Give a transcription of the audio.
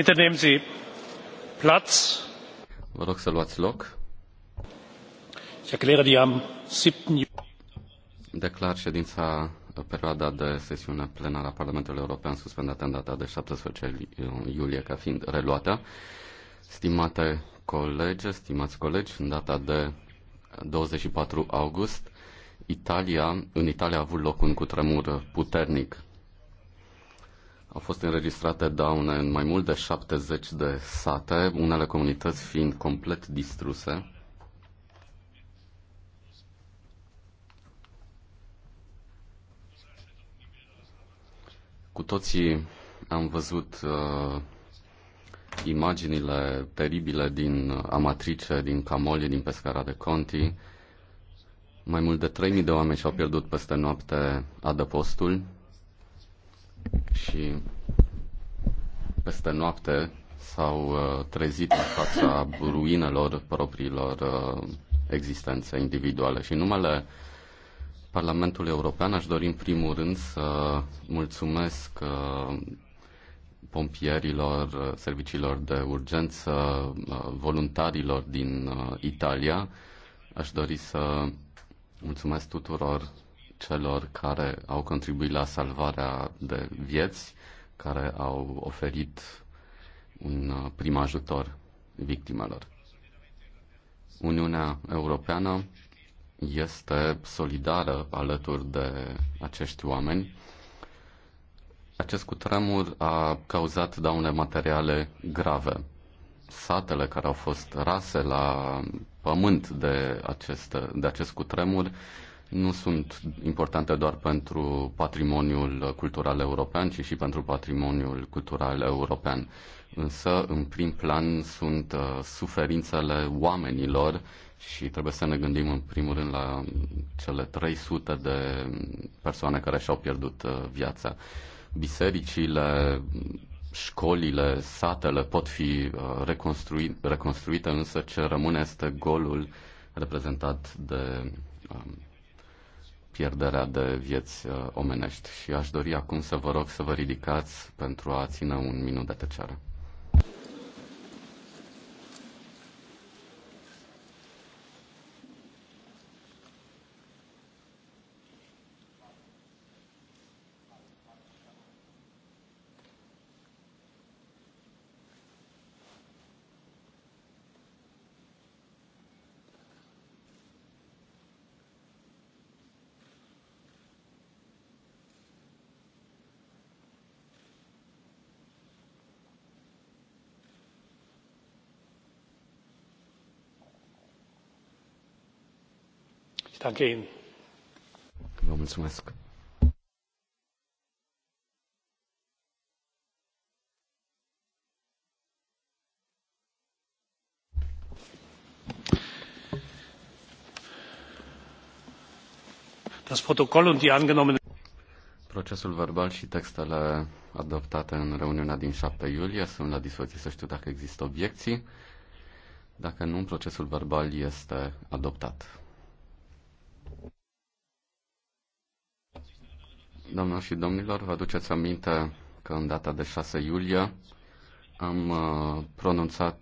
Bitte nehmen Sie Platz. Vă rog să luați loc. Ich erkläre die am 7. Declar ședința uh, perioada de sesiune plenară a Parlamentului European suspendată în data de 17 uh, iulie ca fiind reluată. Stimate colege, stimați colegi, în data de 24 august, Italia, în Italia a avut loc un cutremur puternic au fost înregistrate daune în mai mult de 70 de sate, unele comunități fiind complet distruse. Cu toții am văzut uh, imaginile teribile din Amatrice, din Camoli, din Pescara de Conti. Mai mult de 3.000 de oameni și-au pierdut peste noapte adăpostul, și peste noapte s-au uh, trezit în fața ruinelor propriilor uh, existențe individuale. Și numele Parlamentul European aș dori în primul rând să mulțumesc uh, pompierilor, serviciilor de urgență, voluntarilor din Italia. Aș dori să mulțumesc tuturor celor care au contribuit la salvarea de vieți, care au oferit un uh, prim ajutor victimelor. Uniunea Europeană este solidară alături de acești oameni. Acest cutremur a cauzat daune materiale grave. Satele care au fost rase la pământ de acest, de acest cutremur nu sunt importante doar pentru patrimoniul cultural european, ci și pentru patrimoniul cultural european. Însă, în prim plan, sunt uh, suferințele oamenilor și trebuie să ne gândim în primul rând la cele 300 de persoane care și-au pierdut uh, viața. Bisericile, școlile, satele pot fi uh, reconstrui- reconstruite, însă ce rămâne este golul reprezentat de um, pierderea de vieți uh, omenești. Și aș dori acum să vă rog să vă ridicați pentru a ține un minut de tăcere. Procesul verbal și textele adoptate în reuniunea din 7 iulie sunt la dispoziție să știu dacă există obiecții. Dacă nu, procesul verbal este adoptat. Doamnelor și domnilor, vă aduceți aminte că în data de 6 iulie am uh, pronunțat